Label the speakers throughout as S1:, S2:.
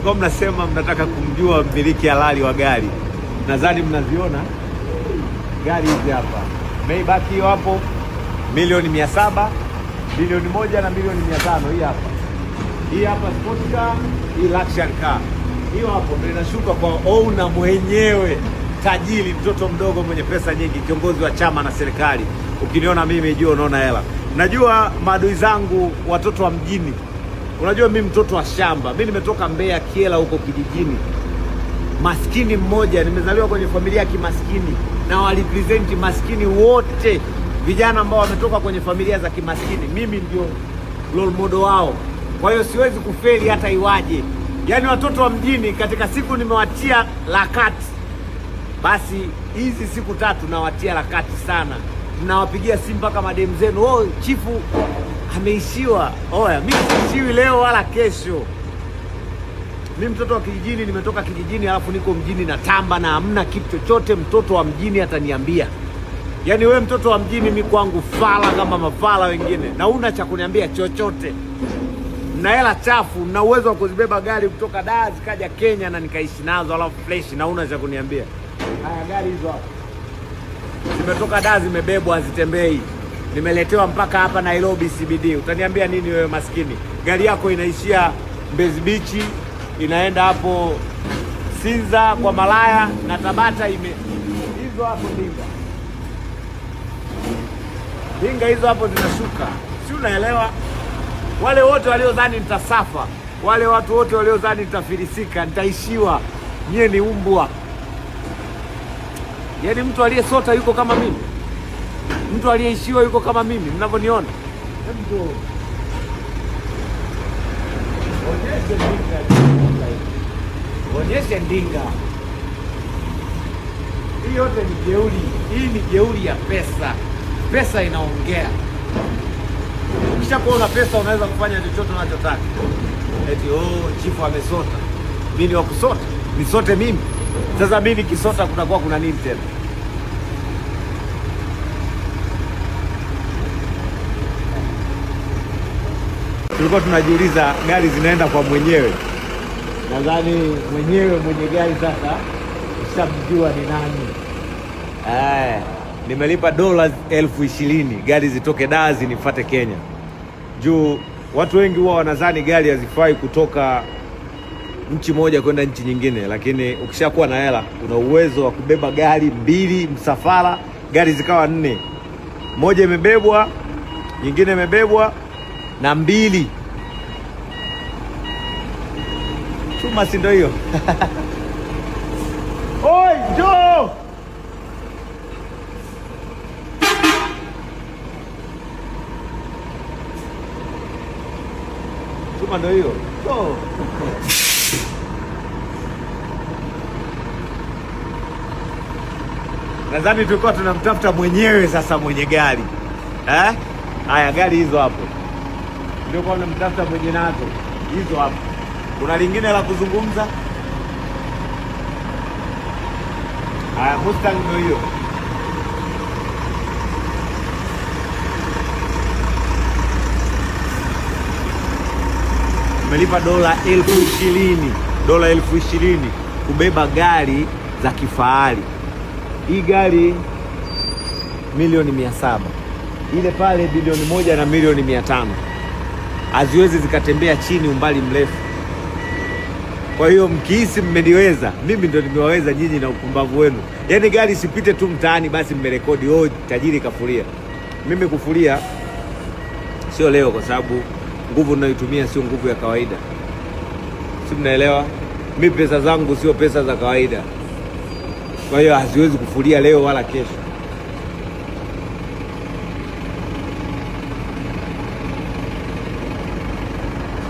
S1: kwa mnasema mnataka kumjua mmiliki halali wa gari, nadhani mnaziona gari hizi hapa. Maybach hiyo hapo milioni mia saba bilioni moja na milioni mia tano Hii hapa hii hapa sport car, hii luxury car hiyo hapo ndio inashuka kwa owner mwenyewe, tajiri, mtoto mdogo mwenye pesa nyingi, kiongozi wa chama na serikali. Ukiniona mimi jua unaona hela. Najua maadui zangu watoto wa mjini Unajua mi mtoto wa shamba, mi nimetoka Mbeya Kiela huko kijijini, maskini mmoja. Nimezaliwa kwenye familia ya kimaskini na walipresenti maskini wote, vijana ambao wametoka kwenye familia za kimaskini, mimi ndio role model wao. Kwa hiyo siwezi kufeli hata iwaje. Yaani watoto wa mjini katika siku nimewatia lakati, basi hizi siku tatu nawatia lakati sana, nawapigia simu mpaka mademu zenu, oh chifu ameishiwa. Oya, mi siishiwi leo wala kesho. Mi mtoto wa kijijini, nimetoka kijijini alafu niko mjini na tamba na hamna kitu chochote. Mtoto wa mjini ataniambia yaani, we mtoto wa mjini, mi kwangu fala kama mafala wengine, na una cha kuniambia chochote na hela chafu na uwezo wa kuzibeba gari kutoka Dar zikaja Kenya na nikaishi nazo, alafu fresh, na una cha kuniambia. Haya, gari hizo hapo zimetoka Dar, zimebebwa, hazitembei nimeletewa mpaka hapa Nairobi CBD. Utaniambia nini wewe maskini? Gari yako inaishia Mbezi Beach, inaenda hapo Sinza kwa Malaya na Tabata ime hizo hapo dinga dinga hizo hapo zinashuka, si unaelewa? Wale wote waliodhani nitasafa, wale watu wote waliodhani nitafilisika, nitaishiwa, nyie ni umbwa. Yaani mtu aliyesota yuko kama mimi mtu aliyeishiwa yuko kama mimi mnavyoniona. Onyeshe ndinga hii yote ni jeuri, hii ni jeuri ya pesa. Pesa inaongea. Ukishakuwa una pesa unaweza kufanya chochote unachotaka. Eti oh, chifu amesota, mimi wa kusota, nisote mimi sasa. Mimi kisota, kutakuwa kuna nini tena? tulikuwa tunajiuliza gari zinaenda kwa mwenyewe. Nadhani mwenyewe mwenye gari sasa ushamjua ni nani. Ae, nimelipa dola elfu ishirini gari zitoke Dar zinifate Kenya, juu watu wengi huwa wanadhani gari hazifai kutoka nchi moja kwenda nchi nyingine, lakini ukishakuwa na hela una uwezo wa kubeba gari mbili msafara, gari zikawa nne, moja imebebwa, nyingine imebebwa na mbili chuma, si ndio hiyo? Oi, njoo chuma, ndio hiyo nadhani tulikuwa tunamtafuta mwenyewe sasa, mwenye gari eh? haya eh? Gari hizo hapo ndio kwa tunamtafuta mwenye nazo hizo hapo. Kuna lingine la kuzungumza? Haya, Mustang ndio hiyo. Umelipa dola elfu ishirini dola elfu ishirini kubeba gari za kifahari. Hii gari milioni mia saba ile pale bilioni moja na milioni mia tano haziwezi zikatembea chini umbali mrefu. Kwa hiyo mkihisi mmeniweza mimi, ndo nimewaweza nyinyi na upumbavu wenu. Yaani gari sipite tu mtaani basi mmerekodi, oh, tajiri kafuria. Mimi kufuria sio leo, kwa sababu nguvu ninayoitumia sio nguvu ya kawaida, si mnaelewa? Mi pesa zangu sio pesa za kawaida, kwa hiyo haziwezi kufulia leo wala kesho.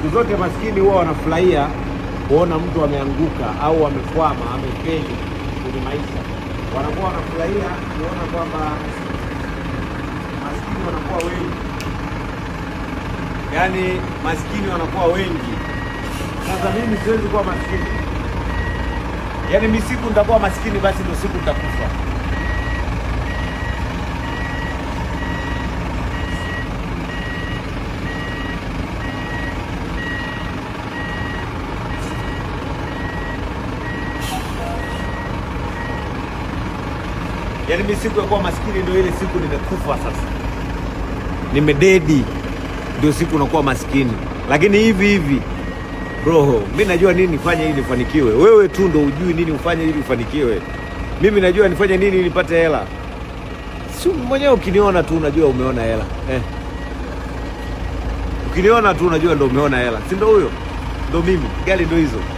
S1: Siku zote maskini huwa wanafurahia kuona mtu ameanguka au amekwama amefeli kwenye maisha, wanakuwa wanafurahia kuona kwamba maskini wanakuwa wengi, yaani maskini wanakuwa wengi. Sasa mimi siwezi kuwa maskini, yaani misiku nitakuwa maskini, basi ndio siku nitakufa. Yaani mimi siku ya kuwa maskini ndio ile siku nimekufa sasa, nimededi, ndio siku nakuwa maskini. Lakini hivi hivi roho mi najua nini nifanye ili nifanikiwe. Wewe tu ndo ujui nini ufanye ili ufanikiwe. Mimi najua nifanye nini ili nipate hela. Si mwenyewe ukiniona tu unajua umeona hela eh. Ukiniona tu unajua ndo umeona hela, si ndio huyo? Ndo mimi, gari ndo hizo.